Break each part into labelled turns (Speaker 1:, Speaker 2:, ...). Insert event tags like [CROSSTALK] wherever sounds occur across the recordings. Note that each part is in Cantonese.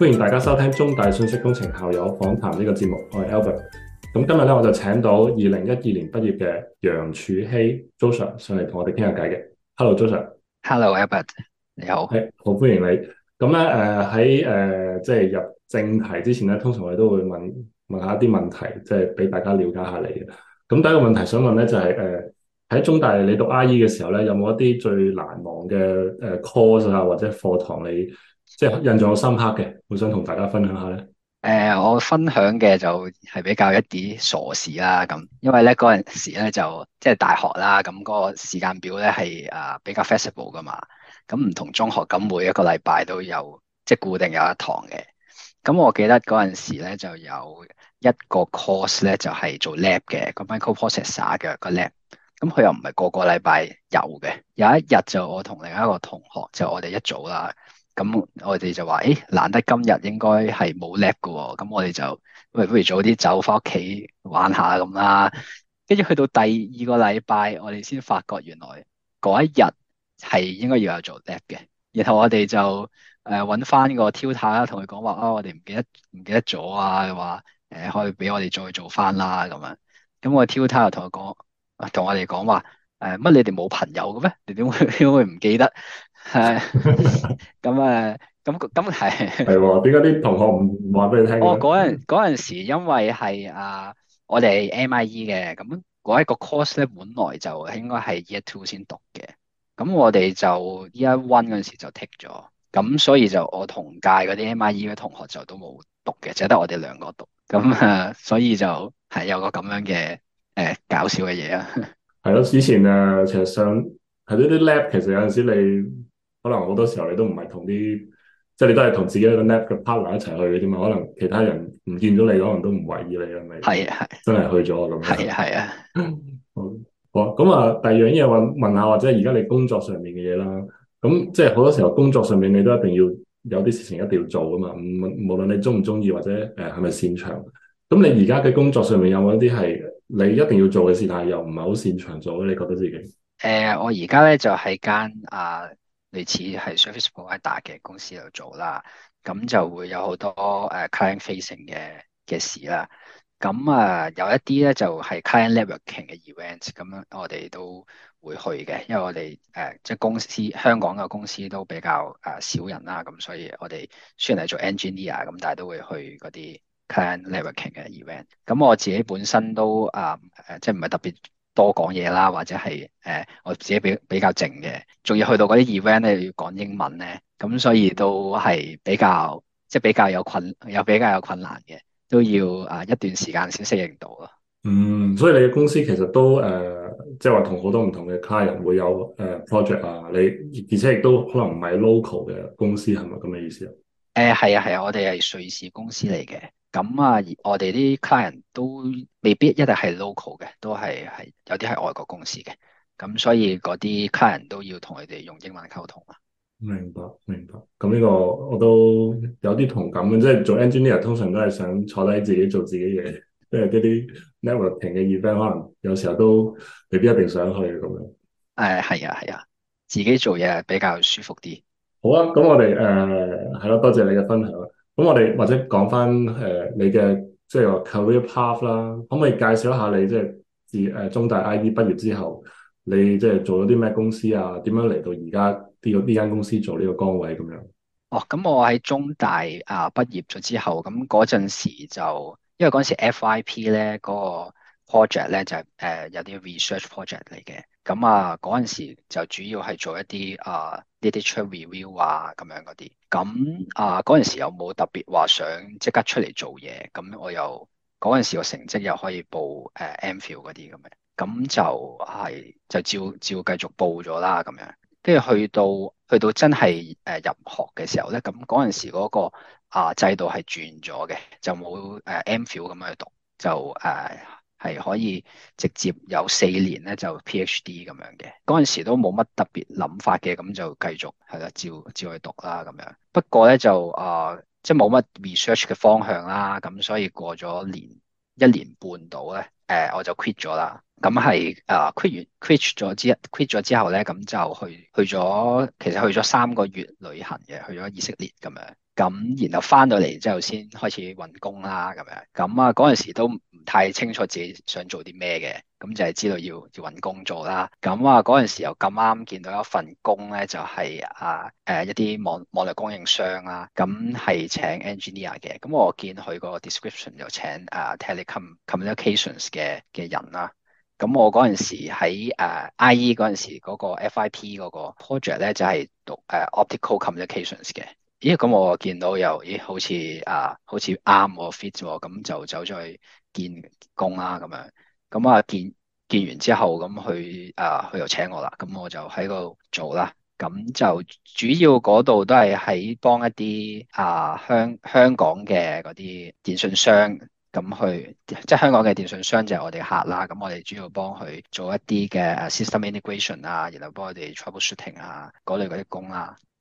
Speaker 1: 歡迎大家收聽中大信息工程校友訪談呢個節目，我係 Albert。咁今日咧，我就請到二零一二年畢業嘅楊竚熹 Joshua 上嚟同我哋傾下偈嘅。Hello，Joshua。Hello，Albert。你好。係，好歡迎你。咁咧，誒喺誒即係入正題之前咧，通常我哋都會問問下一啲問題，即係俾大家了解下你嘅。咁第一個問題想問咧，就係誒喺中大你讀 I.E. 嘅時候咧，有冇一啲最難忘嘅誒、呃、course 啊或者課堂你？即係印象好深刻嘅，好
Speaker 2: 想同大家分享下咧。誒、呃，我分享嘅就係比較一啲傻事啦，咁因為咧嗰陣時咧就即係大學啦，咁嗰個時間表咧係誒比較 flexible 噶嘛。咁唔同中學咁每一個禮拜都有即係固定有一堂嘅。咁我記得嗰陣時咧就有一個 course 咧就係、是、做 lab 嘅個 microprocessor 嘅個 lab。咁佢又唔係個個禮拜有嘅，有一日就我同另一個同學就是、我哋一組啦。咁我哋就話，誒、欸，難得今日應該係冇叻 a 喎，咁我哋就，喂，不如早啲走翻屋企玩下咁啦。跟住去到第二個禮拜，我哋先發覺原來嗰一日係應該要有做 lap 嘅。然後我哋就誒揾翻個 t u 啦，同佢講話，啊，我哋唔記得唔記得咗啊，話誒可以俾我哋再做翻啦咁樣。咁我 t u t 又同佢講，同我哋講話，誒，乜你哋冇朋友嘅咩？你點會點會唔記得？係，咁啊、 [LAUGHS] [LAUGHS] 嗯，咁咁係，係點解啲同學唔唔話俾你聽？我嗰陣嗰陣時，時因為係啊，我哋 MIE 嘅，咁嗰一個 course 咧，本來就應該係 Year Two 先讀嘅，咁我哋就 Year One 陣時就 take 咗，咁所以就我同屆嗰啲 MIE 嘅同學就都冇讀嘅，就得我哋兩個讀，咁啊，所以就係有個咁樣嘅誒、呃、搞笑嘅嘢啊，
Speaker 1: 係咯，之前啊，其實上喺呢啲 lab 其實有陣時你。可能好多時候你都唔係同啲，即係你都係同自己嘅 net 嘅一個 partner 一齊去嘅啫嘛。可能其他人唔見到你，可能都唔懷疑你係咪 [MUSIC] 真係去咗咁。係啊，係啊。好，好咁啊，第二樣嘢話問下，或者而家你工作上面嘅嘢啦。咁即係好多時候工作上面你都一定要有啲事情一定要做噶嘛。無論你中唔中意或者誒係咪擅長，咁你而家嘅工作上面有冇一啲係你一定要做嘅事，但係又唔係好擅長做咧？你覺得自己？誒、
Speaker 2: 呃，我而家咧就係、喺、間啊。類似係 service provider 嘅公司度做啦，咁就會有好多誒 client facing 嘅嘅事啦。咁啊有一啲咧就係 client networking 嘅 event，咁我哋都會去嘅，因為我哋誒、呃、即係公司香港嘅公司都比較誒少人啦，咁所以我哋雖然係做 engineer，咁但係都會去嗰啲 client networking 嘅 event。咁我自己本身都啊誒、呃、即係唔係特別多講嘢啦，或者係誒、呃、我自己比比較靜嘅，仲要去到嗰啲 event 咧要講英文咧，咁所以都係比較即係、就是、比較有困，又比較有困難嘅，都要啊一段時間先適應到咯。
Speaker 1: 嗯，所以你嘅公司其實都誒，即係話同好多唔同嘅 client 會有誒、呃、project 啊，你而且亦都可能唔係 local 嘅公司，係咪咁嘅意思、呃、
Speaker 2: 啊？誒係啊係啊，我哋係瑞士公司嚟嘅。嗯。咁啊，嗯、我哋啲 client 都未必一定係 local 嘅，都係係有啲係外國公司嘅。咁、嗯、所以嗰啲 client 都要同佢哋用英文溝通啊。明白，明白。咁呢個我都
Speaker 1: 有啲同感嘅，即係做 engineer 通常都係想坐低自己做自己嘢，即、呃、係啲啲 networking 嘅 event 可能有時候都未必一定想去咁樣。
Speaker 2: 誒係、哎、啊，係啊，自己做嘢比較舒服啲。
Speaker 1: 好啊，咁我哋誒係咯，多謝你嘅分享。咁我哋或者講翻誒你嘅即係 career path 啦，可唔可以介紹一下你即係自誒中大 IE 畢業之後，你即係做咗啲
Speaker 2: 咩公司啊？點樣嚟到而家呢個呢間公司做呢個崗位咁樣？哦，咁我喺中大啊畢業咗之後，咁嗰陣時就因為嗰陣時 FIP 咧嗰個 project 咧就係誒有啲 research project 嚟嘅，咁啊嗰陣時就主要係做一啲啊～呢啲出 review 啊，咁樣嗰啲，咁啊嗰陣時有冇特別話想即刻出嚟做嘢？咁我又嗰陣時個成績又可以報誒 MPhil 嗰啲咁樣，咁就係就照照繼續報咗啦咁樣。跟住去到去到真係誒、呃、入學嘅時候咧，咁嗰陣時嗰、嗰個啊制度係轉咗嘅，就冇誒 MPhil 咁樣去讀，就誒。啊係可以直接有四年咧就 PhD 咁樣嘅，嗰陣時都冇乜特別諗法嘅，咁就繼續係啦，照照去讀啦咁樣。不過咧就啊、呃，即係冇乜 research 嘅方向啦，咁所以過咗年一年半度咧，誒、呃，我就 quit 咗啦。咁係啊，quit 完 quit 咗之、之後，quit 咗之後咧，咁就去去咗，其實去咗三個月旅行嘅，去咗以色列咁樣。咁，然後翻到嚟之後先開始揾工啦，咁樣咁啊，嗰陣時都唔太清楚自己想做啲咩嘅，咁就係知道要要揾工做啦。咁啊，嗰陣時又咁啱見到一份工咧，就係啊誒一啲網網絡供應商啦，咁係請 engineer 嘅。咁我見佢個 description 就請啊誒 telecom communications 嘅嘅人啦。咁我嗰陣時喺誒 IE 嗰陣時嗰個 FIP 嗰個 project 咧就係讀誒 optical communications 嘅。咦，咁我見到又咦好似啊好似啱我 fit 喎、哦，咁就走咗去見工啦咁樣。咁啊見見完之後咁去啊佢又請我啦，咁我就喺度做啦。咁就主要嗰度都係喺幫一啲啊香香港嘅嗰啲電信商咁去，即係香港嘅電信商就係我哋客啦。咁我哋主要幫佢做一啲嘅 system integration 啊，然後幫我哋 troubleshooting 啊嗰類嗰啲工啦。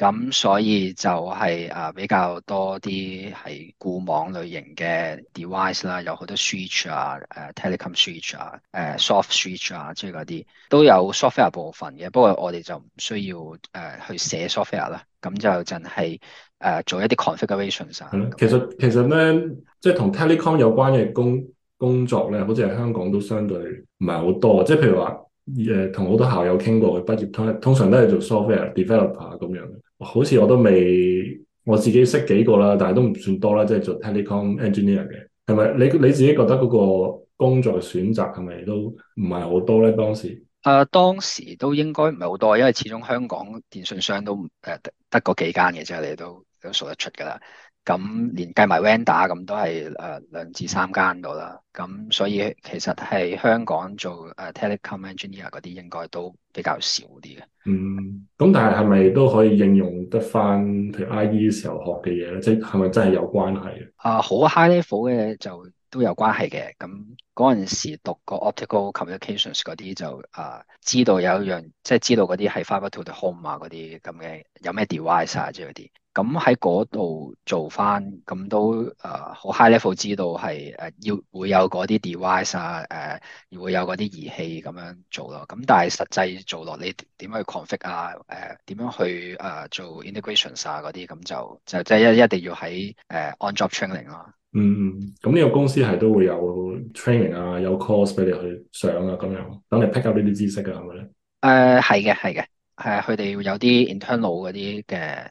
Speaker 2: 咁所以就係啊比較多啲係固網類型嘅 device 啦，有好多 switch 啊、誒、呃、telecom switch 啊、誒、呃、soft switch 啊，即係嗰啲都有 software 部分嘅。不過我哋就唔需要誒、呃、去寫 software 啦，咁就淨係誒做一啲 configurations。其實
Speaker 1: 其實咧，即係同 telecom 有關嘅工工作咧，好似喺香港都相對唔係好多。即係譬如話誒，同、呃、好多校友傾過，嘅畢業通通常都係做 software developer 咁樣。好似我都未，我自己識幾個啦，但係都唔算多啦，即係做 telecom engineer 嘅，係咪？你你自己覺得嗰個工作嘅選擇係咪都唔係好多咧？當時？
Speaker 2: 誒、啊，當時都應該唔係好多，因為始終香港電信商都誒、呃、得得個幾間嘅啫，你都都數得出㗎啦。咁連計埋 vendor 咁都係誒兩至三間到啦，咁所以其實係香港做誒、呃、telecom engineer 嗰啲，應該都比較少啲
Speaker 1: 嘅。嗯，咁但係係咪都可以應用得翻？譬如 IE 時候學嘅嘢咧，即係咪真係有關係？
Speaker 2: 啊、呃，好 high level 嘅就都有關係嘅。咁嗰陣時讀過 optical communications 嗰啲就啊、呃，知道有一樣即係知道嗰啲係 fiber to the home 啊嗰啲咁嘅，有咩 device 啊即類、嗯、啲。咁喺嗰度做翻，咁都誒好、呃、high level 知道係誒要會有嗰啲 device 啊，誒、呃、會有嗰啲儀器咁樣做咯。咁但係實際做落你點樣去 config 啊，誒、呃、點樣去誒、呃、做 integration 啊嗰啲，咁就就即係一一定要喺誒、呃、on job training 咯、啊。嗯，
Speaker 1: 咁呢個公司係都會有 training 啊，有 course 俾你去上啊，咁樣等你 pick up 呢啲知識噶、
Speaker 2: 呃、啊。係咪咧？誒，係嘅係嘅，係啊，佢哋會有啲 internal 嗰啲嘅。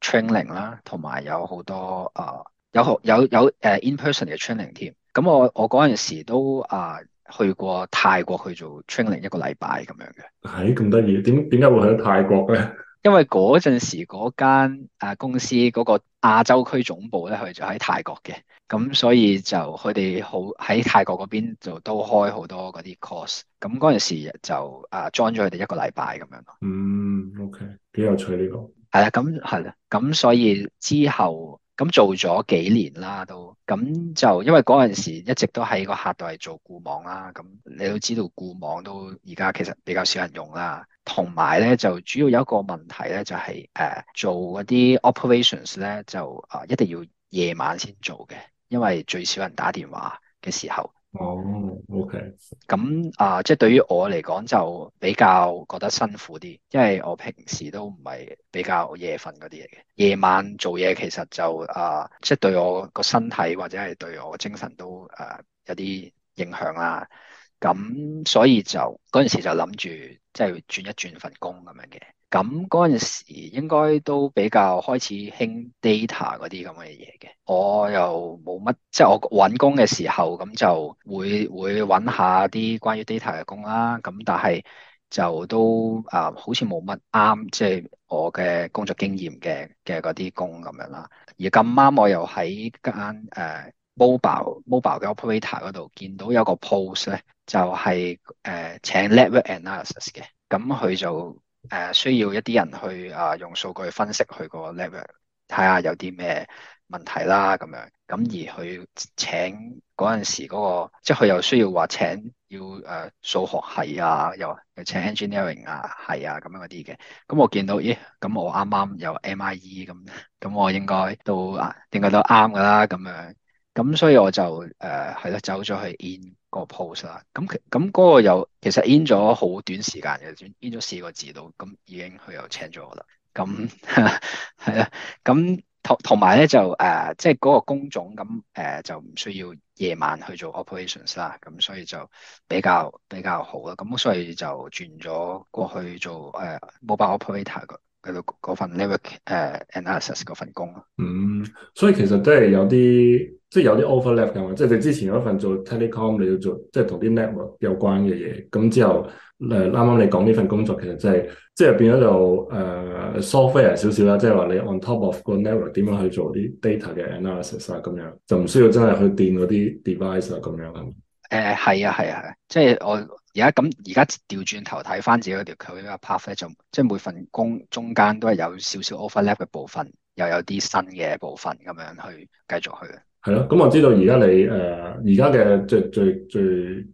Speaker 2: training 啦，同、uh, 埋有好多啊，有學有有誒 in person 嘅 training 添。咁我我嗰陣時都啊、uh, 去過泰國去做 training 一個禮拜咁樣
Speaker 1: 嘅。係咁得意，點點解會去到泰國咧？
Speaker 2: 因為嗰陣時嗰間誒公司嗰個亞洲區總部咧，佢就喺泰國嘅。咁所以就佢哋好喺泰國嗰邊就都開好多嗰啲 course。咁嗰陣時就啊 join 咗佢哋一個禮拜咁樣。嗯，OK，幾有趣呢個。係啦，咁係啦，咁、 [NOISE] 嗯、所以之後咁做咗幾年啦，都咁就因為嗰陣時一直都喺個客度係做固網啦，咁你都知道固網都而家其實比較少人用啦，同埋咧就主要有一個問題咧就係、是、誒、啊、做嗰啲 operations 咧就啊一定要夜晚先做嘅，因為最少人打電話嘅時候。哦，OK。咁啊，即係對於我嚟講就比較覺得辛苦啲，因為我平時都唔係比較夜瞓嗰啲嚟嘅。夜晚做嘢其實就啊，即係對我個身體或者係對我個精神都誒有啲影響啦。咁所以就嗰陣時就諗住即係轉一轉份工咁樣嘅。咁嗰陣時應該都比較開始興 data 嗰啲咁嘅嘢嘅。我又冇乜，即係我搵工嘅時候，咁就會會搵下啲關於 data 嘅工啦。咁但係就都啊、呃，好似冇乜啱，即係我嘅工作經驗嘅嘅嗰啲工咁樣啦。而咁啱我又喺間誒 mobile mobile 嘅 operator 嗰度見到有個 post 咧，就係誒請 network analysis 嘅，咁佢就，誒、uh, 需要一啲人去啊，用數據分析佢個 level，睇下有啲咩問題啦咁樣。咁而佢請嗰陣時嗰、那個，即係佢又需要話請要誒、呃、數學系啊，又又請 engineering 系啊係啊咁樣嗰啲嘅。咁我見到，咦？咁我啱啱有 MIE 咁，咁我應該都應該都啱㗎啦？咁樣。咁所以我就誒係咯，走咗去 in。個 post 啦，咁咁嗰個又其實 in 咗好短時間嘅，in 咗四個字到，咁已經佢又請咗我啦。咁係啦，咁同同埋咧就誒，即係嗰個工種咁誒、呃，就唔需要夜晚去做 operations 啦。咁所以就比較比較好啦。咁所以就轉咗過去做誒、呃、mobile operator 嗰份 lever 誒 analysis 嗰份工
Speaker 1: 啊。嗯，所以其實都係有啲。即係有啲 overlap 㗎嘛，即係你之前有一份做 telecom，你要做即係同啲 network 有關嘅嘢，咁之後誒啱啱你講呢份工作其實即係即係變咗就誒 software 少少啦，即係話、呃、你 on top of 個 network 點樣去做啲 data 嘅 analysis 啊，咁樣
Speaker 2: 就唔需要真係去掂嗰啲
Speaker 1: device 啊，咁樣嘅。
Speaker 2: 誒係、呃、啊係啊即係我而家咁而家調轉頭睇翻自己嗰條 career path 就即係每份工中間都係有少少 overlap 嘅部分，又有啲新嘅部分咁樣去繼續
Speaker 1: 去。係咯，咁、嗯、我知道而家你誒，而家嘅最最最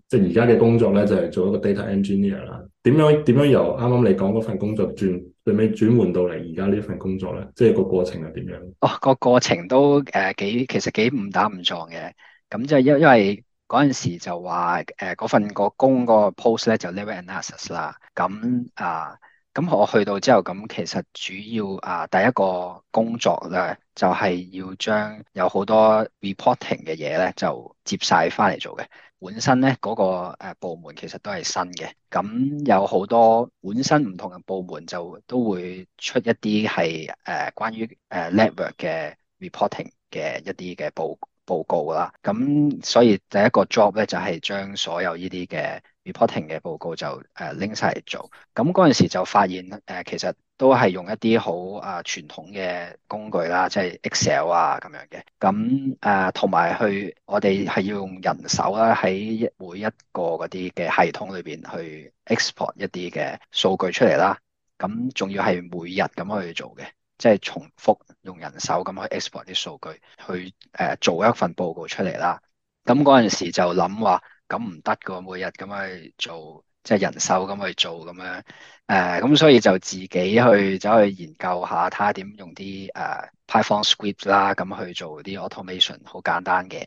Speaker 1: 即係而家嘅工作咧，就係、是、做一個 data engineer 啦。點樣點樣由啱啱你講嗰份工作轉最尾轉
Speaker 2: 換到嚟而家呢份工作咧，即係個過程係點樣？哦，個過程都誒幾、呃、其實幾五打五撞嘅。咁即係因因為嗰陣時就話誒嗰份個工個 post 咧就 level analysis 啦。咁啊。呃咁我去到之後，咁其實主要啊第一個工作咧，就係要將有好多 reporting 嘅嘢咧，就接晒翻嚟做嘅。本身咧嗰個部門其實都係新嘅，咁有好多本身唔同嘅部門就都會出一啲係誒關於誒 network 嘅 reporting 嘅一啲嘅報報告啦。咁所以第一個 job 咧就係將所有呢啲嘅 reporting 嘅報告就誒拎晒嚟做，咁嗰陣時就發現誒、呃、其實都係用一啲好啊傳統嘅工具啦，即係 Excel 啊咁樣嘅，咁誒同埋去我哋係要用人手啦，喺每一個嗰啲嘅系統裏邊去 export 一啲嘅數據出嚟啦，咁仲要係每日咁去做嘅，即係重複用人手咁去 export 啲數據去誒、呃、做一份報告出嚟啦，咁嗰陣時就諗話。咁唔得㗎，每日咁去做，即係人手咁去做咁樣，誒、呃、咁所以就自己去走去研究下，睇下點用啲誒、呃、Python script 啦，咁去做啲 automation，好簡單嘅，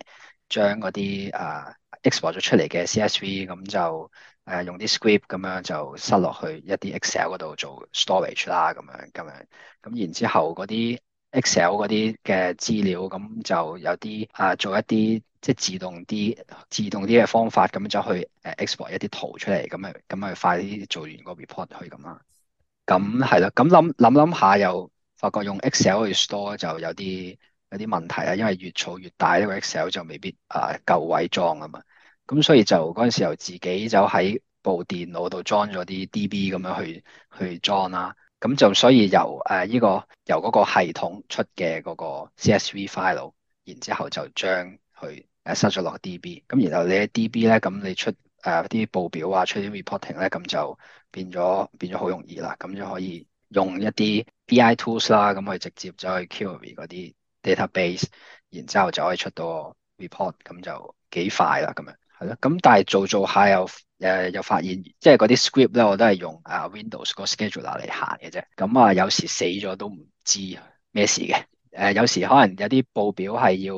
Speaker 2: 將嗰啲誒 export 咗出嚟嘅 CSV，咁就誒、呃、用啲 script 咁樣就塞落去一啲 Excel 嗰度做 storage 啦，咁樣咁樣，咁然之後嗰啲。Excel 嗰啲嘅資料，咁就有啲啊做一啲即係自動啲自動啲嘅方法，咁就去誒 export 一啲圖出嚟，咁咪咁咪快啲做完個 report 去咁啦。咁係啦，咁諗諗諗下又發覺用 Excel 去 store 就有啲有啲問題啦，因為越儲越大，呢個 Excel 就未必啊夠位裝啊嘛。咁所以就嗰陣時候由自己就喺部電腦度裝咗啲 DB 咁樣去去裝啦。咁就所以由誒依、呃這個由嗰個系統出嘅嗰個 CSV file，然之後就將佢誒 send 咗落 DB，咁然後你喺 DB 咧，咁你出誒啲、呃、報表啊，出啲 reporting 咧，咁就變咗變咗好容易啦，咁就可以用一啲 BI tools 啦，咁去直接走去 query 嗰啲 database，然之後就可以出到 report，咁就幾快啦，咁樣。係咯，咁、嗯、但係做做下又誒、呃，又發現即係嗰啲 script 咧，我都係用啊 Windows 個 scheduler 嚟行嘅啫。咁、嗯、啊，有時死咗都唔知咩事嘅。誒、呃，有時可能有啲報表係要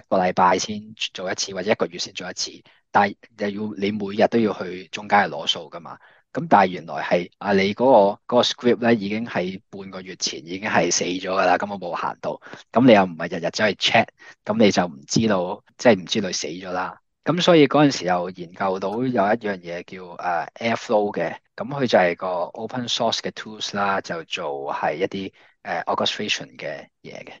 Speaker 2: 一個禮拜先做一次，或者一個月先做一次，但係又要你每日都要去中間攞數噶嘛。咁、嗯、但係原來係啊，你嗰、嗰個、嗰個、script 咧已經喺半個月前已經係死咗噶啦，咁我冇行到，咁你又唔係日日走去 check，咁你就唔知道即係唔知道死咗啦。咁所以嗰陣時又研究到有一樣嘢叫誒 Airflow 嘅，咁、uh, 佢就係個 open source 嘅 tools 啦，就做係一啲誒 orchestration 嘅嘢嘅。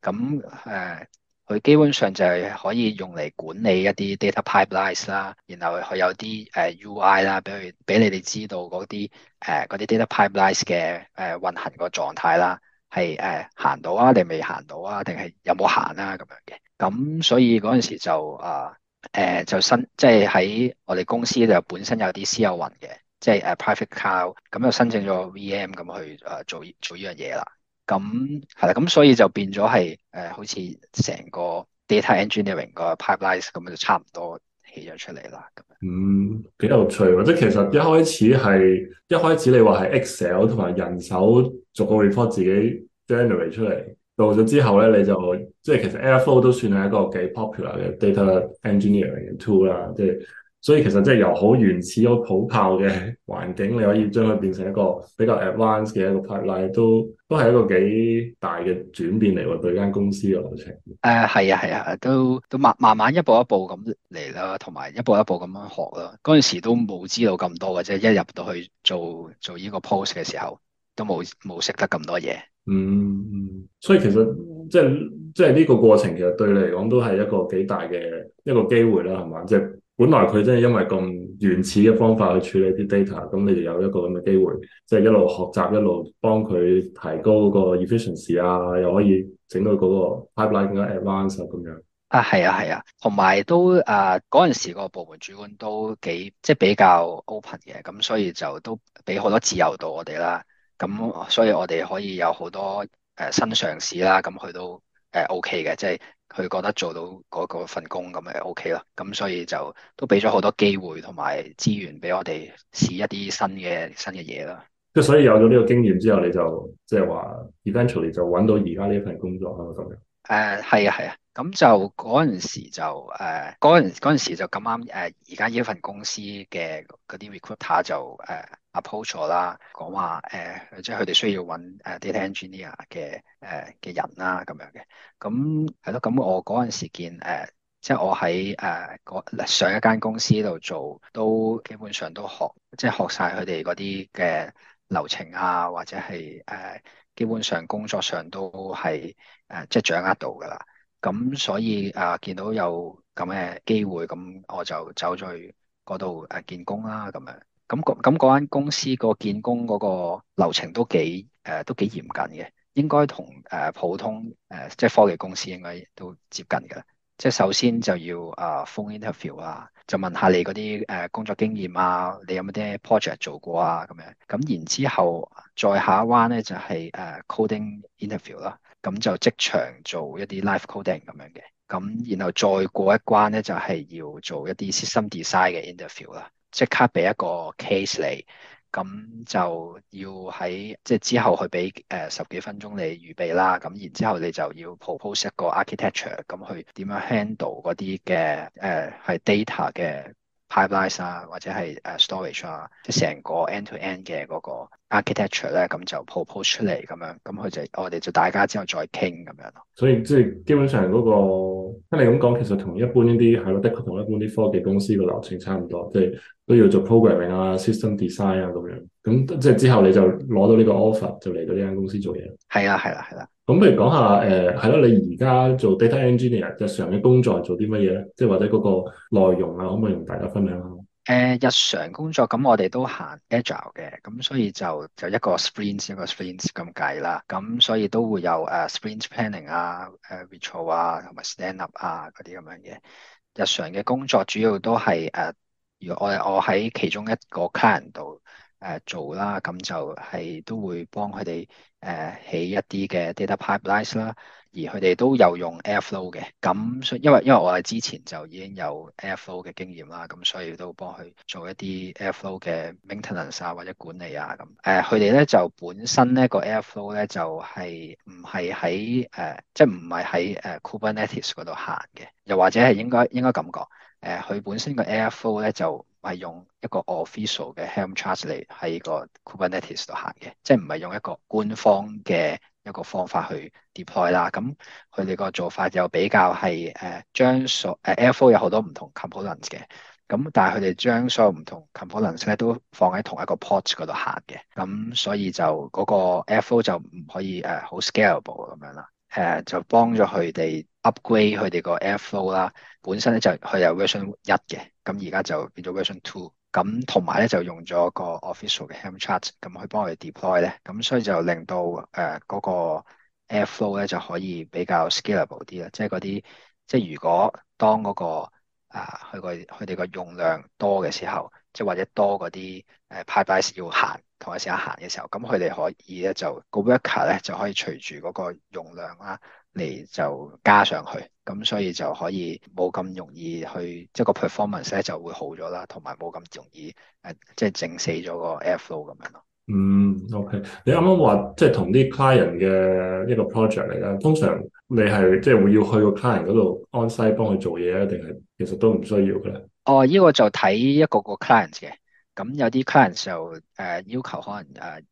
Speaker 2: 咁誒佢基本上就係可以用嚟管理一啲 data pipelines 啦，然後佢有啲誒、uh, UI 啦，比如俾你哋知道嗰啲誒啲、uh, data pipelines 嘅誒、uh, 運行個狀態啦，係誒、uh, 行到啊，定未行到啊，定係有冇行啦、啊、咁樣嘅。咁所以嗰陣時就啊～、uh, 誒、呃，就新即係喺我哋公司就本身有啲私有雲嘅，即係誒 private cloud，咁就申請咗 VM 咁去誒做做呢樣嘢啦。咁係啦，咁所以就變咗係誒，好似成個 data engineering 個 pipeline 咁樣就差唔多起咗出嚟啦。咁嗯，
Speaker 1: 幾有趣或者其實一開始係一開始你話係 Excel 同埋人手逐個 report 自己 generate 出嚟。到咗之後咧，你就即係其實 Airflow 都算係一個幾 popular 嘅 data engineering 嘅 tool 啦。即係所以其實即係由好原始、好普靠嘅環境，你可以將佢變成一個比較 advanced 嘅一個 pipeline 都都係一個幾大嘅轉變嚟喎。對間公司嘅流程，
Speaker 2: 誒係、uh, 啊係啊，都都慢慢慢一步一步咁嚟啦，同埋一步一步咁樣學啦。嗰陣時都冇知道咁多嘅，即係一入到去做做呢個 post 嘅時候，都冇冇識得咁多嘢。
Speaker 1: 嗯，所以其實即係即係呢個過程，其實對你嚟講都係一個幾大嘅一個機會啦，係嘛？即係本來佢真係因為咁原始嘅方法去處理啲 data，咁你又有一個咁嘅機會，即係一路學習，一路幫佢提高個 efficiency 啊，又可以整到嗰個 pipeline 更加 advance
Speaker 2: 咁樣。啊，係啊，係啊，同埋、啊、都誒嗰陣時個部門主管都幾即係比較 open 嘅，咁所以就都俾好多自由度我哋啦。咁、嗯、所以我哋可以有好多誒、呃、新嘗試啦，咁、嗯、佢都誒 OK 嘅，即係佢覺得做到嗰、嗰、份、嗰個、工咁咪 OK 咯。咁、嗯、所以就都俾咗好多機會同埋資源俾我哋試一啲新嘅新嘅嘢啦。
Speaker 1: 即係所以有咗呢個經驗之後，你就即係話 eventually 就揾到而家
Speaker 2: 呢一份工作啦咁樣。係啊係啊，咁就嗰陣時就誒嗰陣嗰陣、呃、時就咁啱誒而家呢一份公司嘅嗰啲 recruiter 就誒。呃 approach 我啦，講話誒，即係佢哋需要搵誒、啊、data engineer 嘅誒嘅人啦、啊，咁樣嘅。咁係咯，咁我嗰陣時見、呃、即係我喺誒、呃、上一間公司度做，都基本上都學，即係學晒佢哋嗰啲嘅流程啊，或者係誒、呃，基本上工作上都係誒、呃，即係掌握到噶啦。咁所以啊、呃，見到有咁嘅機會，咁我就走咗去嗰度誒見工啦、啊，咁樣。咁咁嗰間公司個見工嗰個流程都幾誒、呃、都幾嚴謹嘅，應該同誒、呃、普通誒、呃、即係科技公司應該都接近嘅。即係首先就要啊 phone interview 啊，就問下你嗰啲誒工作經驗啊，你有冇啲 project 做過啊咁樣。咁然之後再下一關咧就係、是、誒、呃、coding interview 啦，咁、嗯、就即場做一啲 live coding 咁樣嘅。咁然後再過一關咧就係、是、要做一啲 system design 嘅 interview 啦。即刻俾一個 case 你，咁就要喺即之後去俾誒、呃、十幾分鐘你預備啦，咁然之後你就要 propose 一個 architecture，咁去點樣 handle 嗰啲嘅誒係 data 嘅。呃 pipeline 啊，Pipelines, 或者係誒 storage 啊、嗯，即係成個 end-to-end 嘅嗰個 architecture 咧，咁就 propose 出嚟咁樣，咁佢就我哋就大家之後再傾，咁樣
Speaker 1: 咯。所以即係、就是、基本上、那個，個，聽你咁講其實一一同一般啲係咯，的確同一般啲科技公司嘅流程差唔多，即、就、係、是、都要做 programming 啊、system design 啊咁樣。咁即係之後你就攞到呢個 offer，就嚟到呢間公司做嘢。係啊，係啦、啊，係啦、啊。咁不如講下誒，係、呃、咯、啊，你而家做 data
Speaker 2: engineer 日常嘅工作做啲乜嘢咧？即係或者嗰個內容啊，可唔可以同大家分享下、啊？誒、呃，日常工作咁我哋都行 agile 嘅，咁所以就就一個 sprint 一個 sprint 咁計啦。咁所以都會有誒、uh, sprint planning 啊、誒 retro 啊、同埋 stand up 啊嗰啲咁樣嘅。日常嘅工作主要都係誒，uh, 如我我喺其中一個 client 度。誒、呃、做啦，咁就係都會幫佢哋誒起一啲嘅 data pipelines 啦，而佢哋都有用 Airflow 嘅。咁所因為因為我哋之前就已經有 Airflow 嘅經驗啦，咁所以都幫佢做一啲 Airflow 嘅 maintenance 啊或者管理啊咁。誒佢哋咧就本身咧個 Airflow 咧就係唔係喺誒即係唔係喺誒 Kubernetes 嗰度行嘅，又或者係應該應該咁講。誒佢、呃、本身個 Airflow 咧就係、是、用一個 official 嘅 helm chart 嚟喺個 Kubernetes 度行嘅，即係唔係用一個官方嘅一個方法去 deploy 啦。咁佢哋個做法就比較係誒將所誒 Airflow 有好多唔同 components 嘅，咁但係佢哋將所有唔、呃、同 components 咧、嗯、comp 都放喺同一個 port 嗰度行嘅，咁、嗯、所以就嗰、那個 Airflow 就唔可以誒好、呃、scalable 咁樣啦。誒、呃、就幫咗佢哋 upgrade 佢哋個 airflow 啦，本身咧就佢有 version 一嘅，咁而家就變咗 version two，咁同埋咧就用咗個 official 嘅 helm chart，咁去幫佢哋 deploy 咧，咁所以就令到誒嗰個 airflow 咧就可以比較 scalable 啲啦，即係嗰啲即係如果當嗰個啊佢個佢哋個用量多嘅時候，即係或者多嗰啲誒 pipelines 要行同一時間行嘅時候，咁佢哋可以咧就個 worker 咧就可以隨住嗰個用量啦，嚟就加上去，咁所以就可以冇咁容易去，即係個 performance 咧就會好咗啦，同埋冇咁容易誒、啊，即係整死咗個 airflow 咁樣咯、嗯。
Speaker 1: 嗯，OK，你啱啱話即係同啲 client 嘅一個 project 嚟啦，通常你係即係會要去個 client 嗰度 on site 幫佢做嘢啊，定係其實都唔需要㗎啦？
Speaker 2: 哦，呢個就睇一個個 client 嘅，咁有啲 client 就誒、呃、要求可能誒。呃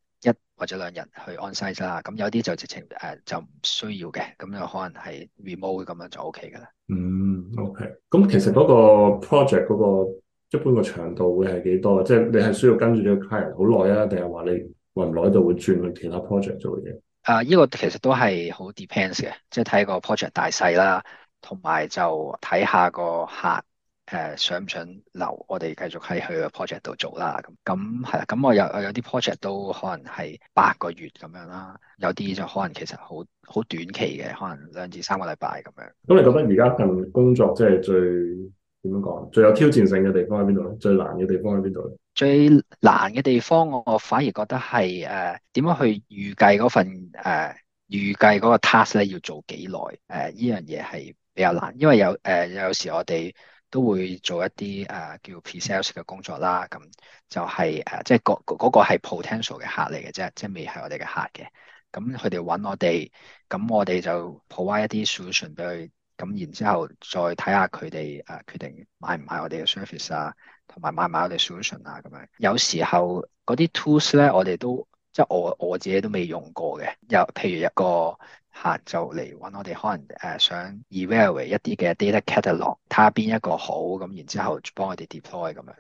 Speaker 2: 或者兩日去 on site 啦，咁有啲就直情誒就唔需要嘅，咁就可能係 remote 咁樣就 O K 嘅啦。嗯
Speaker 1: ，O K，咁其實嗰個 project 嗰、嗰個一般個長度會係幾多？即、就、係、是、你係需要跟住呢個 client 好耐啊，定係話你唔耐到會轉去其他
Speaker 2: project 做嘢？啊，呢個其實都係好 depends 嘅，即係睇個 project 大細啦，同埋就睇下個客。誒想唔想留？我哋繼續喺佢個 project 度做啦。咁咁係啦。咁、嗯嗯嗯、我有有啲 project 都可能係八個月咁樣啦，有啲就可能其實好好短期嘅，可能兩至三個禮拜咁樣。咁你
Speaker 1: 覺得而家份工作即係最點樣講？最有挑戰性嘅地方喺邊度咧？最難嘅地
Speaker 2: 方喺邊度咧？最難嘅地方，我反而覺得係誒點樣去預計嗰份誒預計嗰個 task 咧要做幾耐？誒呢樣嘢係比較難，因為有誒、呃、有時我哋。都會做一啲誒、呃、叫 pre-sales 嘅工作啦，咁就係、是、誒、呃，即係嗰嗰個係 potential 嘅客嚟嘅啫，即係未係我哋嘅客嘅。咁佢哋揾我哋，咁我哋就 provide 一啲 solution 俾佢，咁然之後再睇下佢哋誒決定買唔買我哋嘅 service 啊，同埋買唔買我哋 solution 啊，咁樣。有時候嗰啲 tools 咧，我哋都～即我我自己都未用過嘅，有譬如一個客就嚟揾我哋，可能誒想 evaluate 一啲嘅 data catalog，睇下邊一個好，咁然之後幫我哋 deploy 咁樣。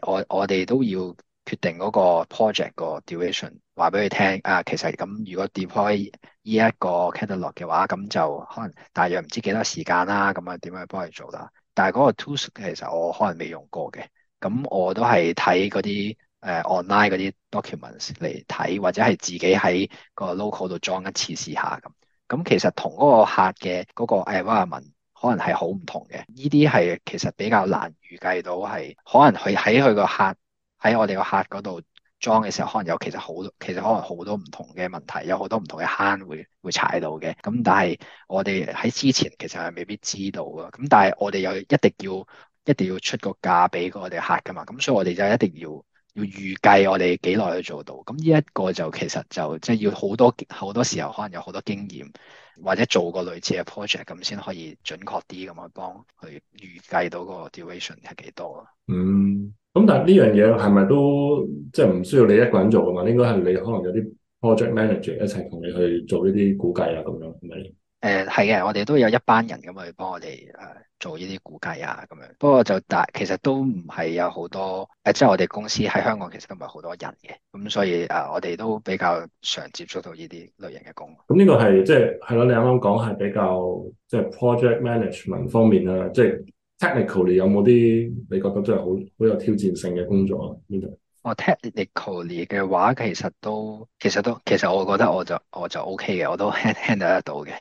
Speaker 2: 而我我哋都要決定嗰個 project 個 duration，話俾佢聽。啊，其實咁如果 deploy 依一個 catalog 嘅話，咁就可能大約唔知幾多時間啦。咁啊，點樣幫佢做啦？但係嗰個 tools 其實我可能未用過嘅，咁我都係睇嗰啲。誒 online 嗰啲 documents 嚟睇，或者係自己喺個 local 度裝一次試下咁。咁其實同嗰個客嘅嗰個 environment 可能係好唔同嘅。呢啲係其實比較難預計到係，可能佢喺佢個客喺我哋個客嗰度裝嘅時候，可能有其實好多其實可能好多唔同嘅問題，有好多唔同嘅坑會會踩到嘅。咁但係我哋喺之前其實係未必知道㗎。咁但係我哋又一定要一定要出個價俾我哋客㗎嘛。咁所以我哋就一定要。要預計我哋幾耐去做到，咁呢一個就其實就即係要好多好多時候可能有好多經驗，或者做過類似嘅 project 咁先可以準確啲咁去幫佢預計到個 duration 係幾多咯。嗯，
Speaker 1: 咁但係呢樣嘢係咪都即係唔需要你一個人做㗎嘛？應該係你可能有啲 project
Speaker 2: manager 一齊同你去做呢啲估計啊，咁樣係咪？誒係嘅，我哋都有一班人咁去幫我哋誒、呃、做呢啲估計啊咁樣。不過就大其實都唔係有好多誒，即、呃、係、就是、我哋公司喺香港其實都唔係好多人嘅，咁、嗯、所以誒、呃、我哋都比較常接觸到呢啲類
Speaker 1: 型嘅工作。咁呢、嗯，這個係即係係咯，你啱啱講係比較即係、就是、project management 方面啦，即、就、係、是、technical 你有冇啲你覺得真係好好有挑戰性
Speaker 2: 嘅工作啊？呢度？我 technically 嘅話，其實都其實都其實我覺得我就我就 OK 嘅，我都聽聽到得到嘅。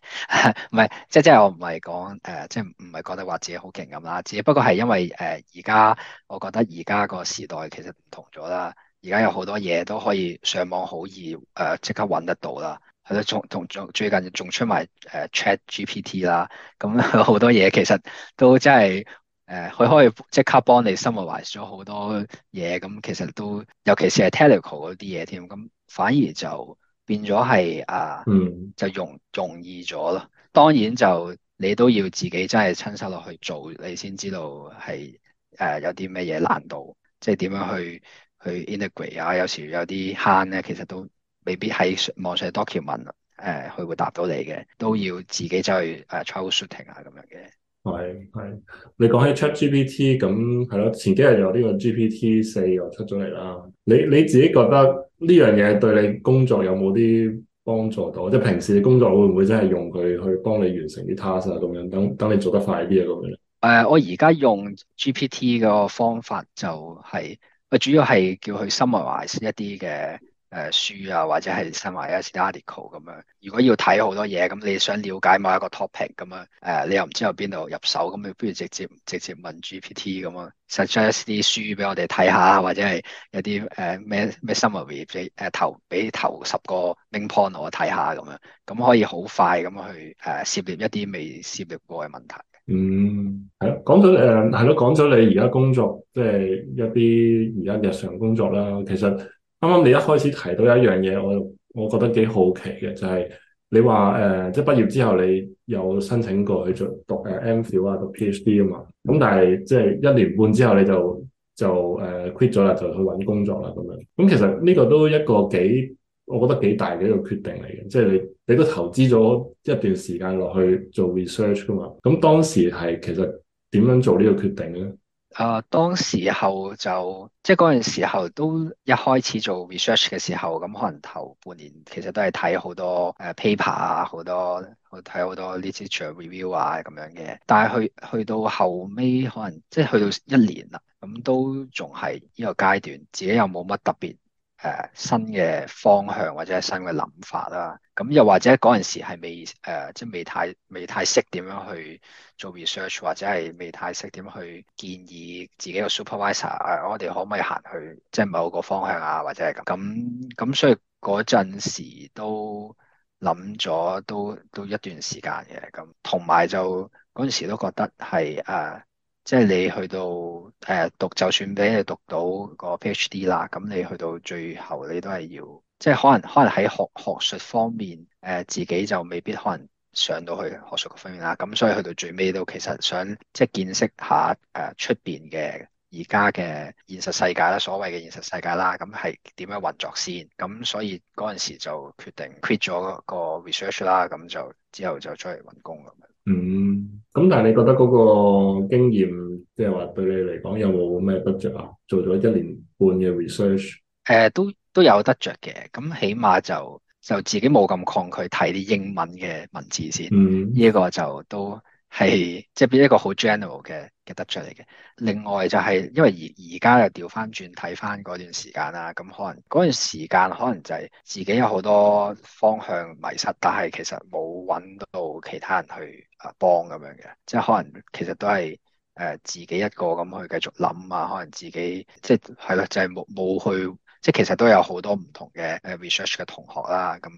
Speaker 2: 唔係即即係我唔係講誒，即係唔係覺得話自己好勁咁啦。只不過係因為誒而家我覺得而家個時代其實唔同咗啦。而家有好多嘢都可以上網好易誒即刻揾得到啦，嗯。佢都仲同仲最近仲出埋誒 ChatGPT 啦。咁好多嘢其實都真係。誒佢、uh, 可以即刻幫你 summarize 咗好多嘢，咁其實都尤其是係 technical 嗰啲嘢添，咁反而就變咗係啊，uh, mm. 就容容易咗咯。當然就你都要自己真係親手落去做，你先知道係誒、uh, 有啲咩嘢難度，即係點樣去去 integrate 啊。有時有啲慳咧，其實都未必喺網上 document 誒、uh，佢會答到你嘅，都要自己走去誒 troubleshooting 啊咁樣嘅。
Speaker 1: 係係，你講起 Chat GPT 咁係咯，前幾日有呢個 GPT 四又出咗嚟啦。你你自己覺得呢樣嘢對你工作有冇啲幫助到？即係平時你工作會唔會真係用佢去幫你完成啲 task 啊？咁樣等等
Speaker 2: 你做得快啲啊？咁樣。誒，我而家用 GPT 嗰個方法就係，我主要係叫佢 summarise 一啲嘅。誒、呃、書啊，或者係新聞一啲 article 咁樣。如果要睇好多嘢，咁你想了解某一個 topic 咁、呃、樣，誒你又唔知由邊度入手，咁你不如直接直接問 GPT 咁樣 suggest 啲書俾我哋睇下，或者係有啲誒咩咩 summary，俾、啊、誒投俾頭十個 link point 我睇下咁樣，咁可以好快咁去誒、呃、涉獵一啲未涉獵過嘅問題。嗯，
Speaker 1: 係咯，講咗誒係咯，講咗你而家工作即係、就是、一啲而家日常工作啦，其實。啱啱你一開始提到有一樣嘢，我我覺得幾好奇嘅，就係、是、你話誒、呃，即係畢業之後你有申請過去做讀誒 MPhil 啊，讀,讀,讀 PhD 啊嘛，咁但係即係一年半之後你就就誒 quit 咗啦，就去揾工作啦咁樣。咁其實呢個都一個幾我覺得幾大嘅一個決定嚟嘅，即、就、係、是、你你都投資咗一段時間落去做 research 噶嘛。咁當時係其實點樣做呢個決定咧？
Speaker 2: 啊，uh, 當時候就即係嗰陣時候都一開始做 research 嘅時候，咁可能頭半年其實都係睇好多誒 paper 啊，好多睇好多 literature review 啊咁樣嘅。但係去去到後尾可能即係去到一年啦，咁都仲係呢個階段，自己又冇乜特別。誒、uh, 新嘅方向或者係新嘅諗法啦，咁又或者嗰陣時係未誒，uh, 即係未太未太識點樣去做 research，或者係未太識點去建議自己個 supervisor 誒、啊，我哋可唔可以行去即係某個方向啊，或者係咁咁，所以嗰陣時都諗咗，都都一段時間嘅咁，同埋就嗰陣時都覺得係誒。Uh, 即係你去到誒、呃、讀，就算俾你讀到個 PhD 啦，咁你去到最後你都係要，即係可能可能喺學學術方面誒、呃、自己就未必可能上到去學術嗰方面啦，咁所以去到最尾都其實想即係見識下誒出邊嘅而家嘅現實世界啦，所謂嘅現實世界啦，咁係點樣運作先？咁所以嗰陣時就決定 quit 咗個 research 啦，咁就之後就出嚟搵工咁。
Speaker 1: 嗯，咁但係你覺得嗰個經驗，即係話對你嚟講有冇咩得着啊？做咗一年半嘅 research，
Speaker 2: 誒，都都有得着嘅。咁起碼就就自己冇咁抗拒睇啲英文嘅文字先。呢一、嗯、個就都係即係變一個好 general 嘅嘅得着嚟嘅。另外就係、是、因為而而家又調翻轉睇翻嗰段時間啦，咁可能嗰段時間可能就係自己有好多方向迷失，但係其實冇揾到其他人去，啊，幫咁樣嘅，即係可能其實都係誒自己一個咁去繼續諗啊，可能自己即係係咯，就係冇冇去，即係其實都有好多唔同嘅誒 research 嘅同學啦。咁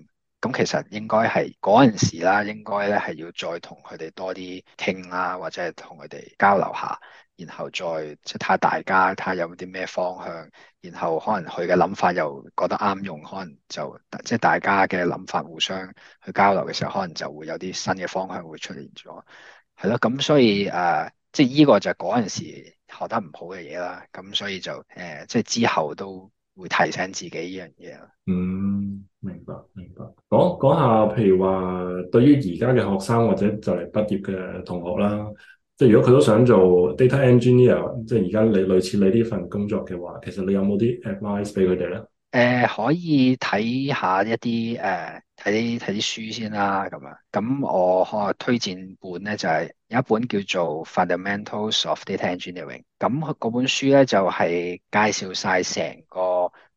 Speaker 2: 咁其實應該係嗰陣時啦，應該咧係要再同佢哋多啲傾啦，或者係同佢哋交流下。然後再即係睇下大家睇下有冇啲咩方向，然後可能佢嘅諗法又覺得啱用，可能就即係大家嘅諗法互相去交流嘅時候，可能就會有啲新嘅方向會出現咗，係咯。咁所以誒、呃，即係依、這個就嗰陣時學得唔好嘅嘢啦。咁所以就誒、呃，即係之後都會提醒自己依樣嘢咯。嗯，明白明白。
Speaker 1: 講講下，譬如話對於而家嘅學生或者就嚟畢業嘅同學啦。如果佢都想做 data engineer，即係而家你類似你呢份工作嘅話，其實你有冇啲 advice 俾佢哋咧？
Speaker 2: 誒、呃，可以睇下一啲誒，睇睇啲書先啦，咁樣。咁我可能推薦本咧，就係、是、有一本叫做《Fundamentals of Data Engineering》。咁佢嗰本書咧就係、是、介紹晒成個。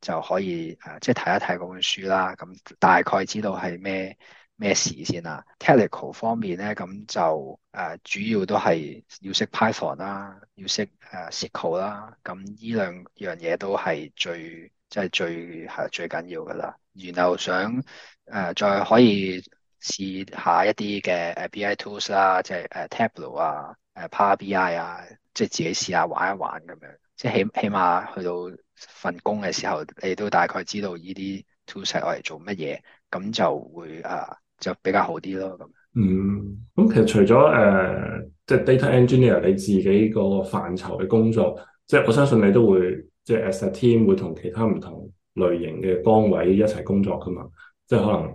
Speaker 2: 就可以誒，即係睇一睇嗰本書啦，咁大概知道係咩咩事先啦。Technical 方面咧，咁就誒、呃、主要都係要識 Python 啦，要識誒 SQL 啦，咁呢兩樣嘢都係最即係、就是、最係、啊、最緊要㗎喇。然後想誒、呃、再可以試下一啲嘅誒 BI tools 啦，即係誒、呃、Tableau 啊、誒 Power BI 啊，即、就、係、是、自己試下玩一玩咁樣，即係起起碼去到，份工嘅時候，你都大概知道呢啲 toolset 我嚟做乜嘢，咁就會啊，就比較好啲咯。咁
Speaker 1: 嗯，咁其實除咗誒、呃，即係 data engineer 你自己個範疇嘅工作，即係我相信你都會即係 as a team 會同其他唔同類型嘅崗位一齊工作噶嘛。即係可能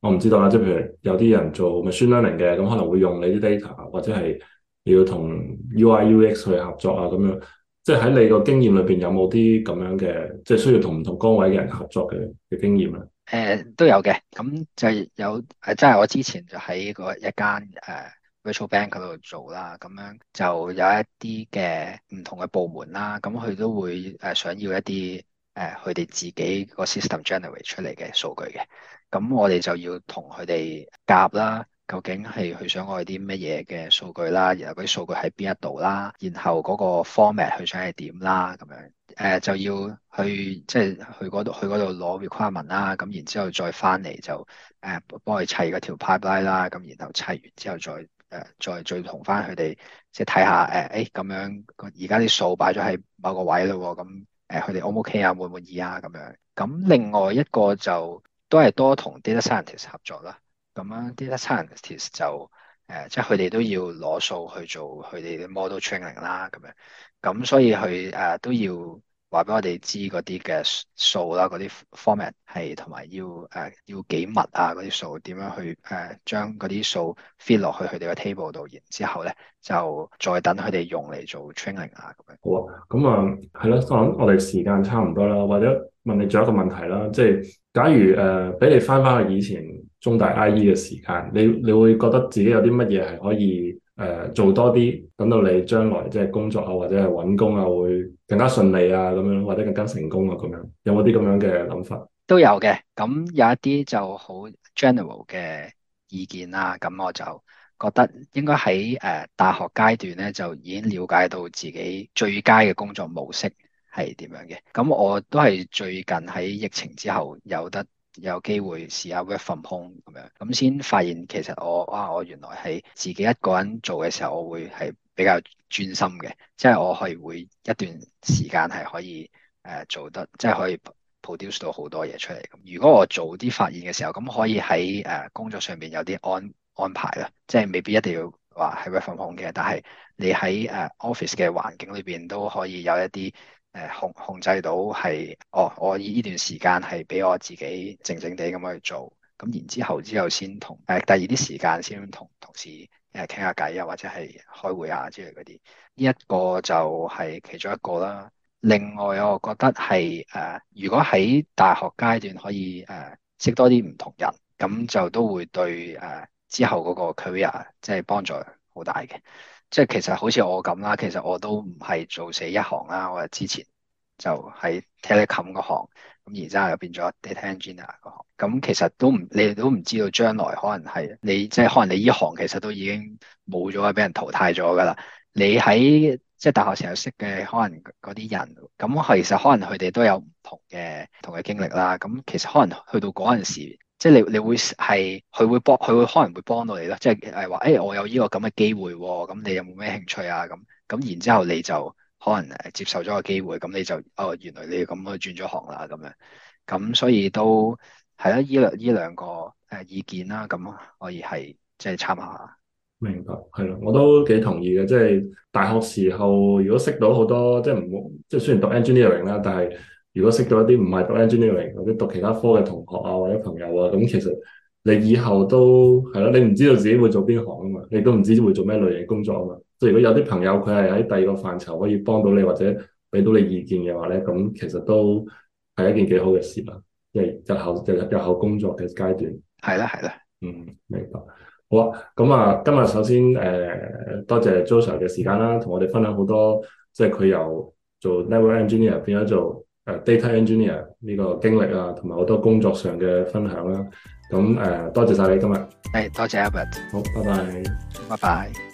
Speaker 1: 我唔知道啦，即係譬如有啲人做 machine learning 嘅，咁可能會用你啲 data 或者係你要同 UI UX 去合作啊，咁樣。即係喺你個經驗裏邊有冇啲咁樣嘅，即係需要同唔同崗位嘅人合作嘅嘅經驗咧？
Speaker 2: 誒、呃、都有嘅，咁就係有誒，即、啊、係、就是、我之前就喺一間誒、啊、Virtual Bank 嗰度做啦，咁樣就有一啲嘅唔同嘅部門啦，咁佢都會誒、啊、想要一啲誒佢哋自己個 system generate 出嚟嘅數據嘅，咁我哋就要同佢哋夾啦。究竟係佢想攞啲乜嘢嘅數據啦，然後嗰啲數據喺邊一度啦，然後嗰個 format 佢想係點啦，咁樣誒、呃、就要去即係、就是、去嗰度去嗰度攞 requirement 啦，咁然之後再翻嚟就誒幫佢砌嗰條 pipeline 啦，咁然後砌完之後再誒、呃、再再同翻佢哋即係睇下誒誒咁樣而家啲數擺咗喺某個位咯，咁誒佢哋 O 唔 OK 啊，滿唔滿意啊咁樣。咁另外一個就都係多同 data scientist 合作啦。咁啊，啲 data scientist 就誒、呃，即係佢哋都要攞數去做佢哋啲 model training 啦，咁樣。咁所以佢誒、呃、都要話俾我哋知嗰啲嘅數啦，嗰啲 format 係同埋要誒、呃、要幾密啊，嗰啲數點樣去誒、呃、將嗰啲數 fit 落去佢哋個 table 度，然之後咧就再等佢哋用嚟做 training 啊，咁樣。
Speaker 1: 好啊，咁啊係咯，嗯、我哋時間差唔多啦，或者問你仲有一個問題啦，即係假如誒俾、呃、你翻返去以前。中大 I.E. 嘅時間，你你會覺得自己有啲乜嘢係可以誒、呃、做多啲，等到你將來即係工作啊，或者係揾工啊，會更加順利啊咁樣，或者更加成功啊咁樣，有冇啲咁樣嘅諗法？
Speaker 2: 都有嘅，咁有一啲就好 general 嘅意見啦。咁我就覺得應該喺誒大學階段咧，就已經了解到自己最佳嘅工作模式係點樣嘅。咁我都係最近喺疫情之後有得，有機會試下 work from home 咁樣，咁先發現其實我哇，我原來係自己一個人做嘅時候，我會係比較專心嘅，即係我係會一段時間係可以誒、呃、做得，即係可以 produce 到好多嘢出嚟。如果我早啲發現嘅時候，咁可以喺誒、呃、工作上面有啲安安排啦，即係未必一定要話係 work from home 嘅，但係你喺誒、呃、office 嘅環境裏邊都可以有一啲。誒控控制到係，哦，我呢呢段時間係俾我自己靜靜地咁去做，咁然之後之後先同誒第二啲時間先同同事誒傾下偈啊，或者係開會啊之類嗰啲，呢一個就係其中一個啦。另外我覺得係誒、呃，如果喺大學階段可以誒、呃、識多啲唔同人，咁就都會對誒、呃、之後嗰個 career 即係幫助好大嘅。即係其實好似我咁啦，其實我都唔係做死一行啦。我之前就喺 telecom 嗰行，咁而家又變咗 data engineer 嗰行。咁其實都唔，你都唔知道將來可能係你，即係可能你依行其實都已經冇咗，俾人淘汰咗㗎啦。你喺即係大學時候識嘅可能嗰啲人，咁其實可能佢哋都有唔同嘅同嘅經歷啦。咁其實可能去到嗰陣時。即係你，你會係佢會幫佢會可能會幫到你啦。即係係話，誒、哎，我有呢個咁嘅機會，咁你有冇咩興趣啊？咁咁然之後你就可能接受咗個機會，咁你就哦，原來你咁去轉咗行啦咁樣。咁所以都係啦，依兩依兩個誒意見啦，咁可以係即係參考下。明
Speaker 1: 白，係咯，我都幾同意嘅。即係大學時候如果識到好多，即係唔即係雖然讀 engineering 啦，但係。如果識到一啲唔係讀 engineering 或者讀其他科嘅同學啊，或者朋友啊，咁其實你以後都係咯，你唔知道自己會做邊行啊嘛，你都唔知會做咩類型工作啊嘛。即係如果有啲朋友佢係喺第二個範疇可以幫到你或者俾到你意見嘅話咧，咁其實都係一件幾好嘅事啦。即係日後即係日後工作嘅階段。係啦，係啦。嗯，明白。好啊，咁啊，今日首先誒、呃、多謝 Joshua 嘅時間啦，同我哋分享好多，即係佢由做 network engineer 變咗做 data engineer 呢個經歷啊，同埋好多工作上嘅分享啦，啊。咁誒、呃，多謝晒你今日。多謝 Albert。好，拜拜，拜拜。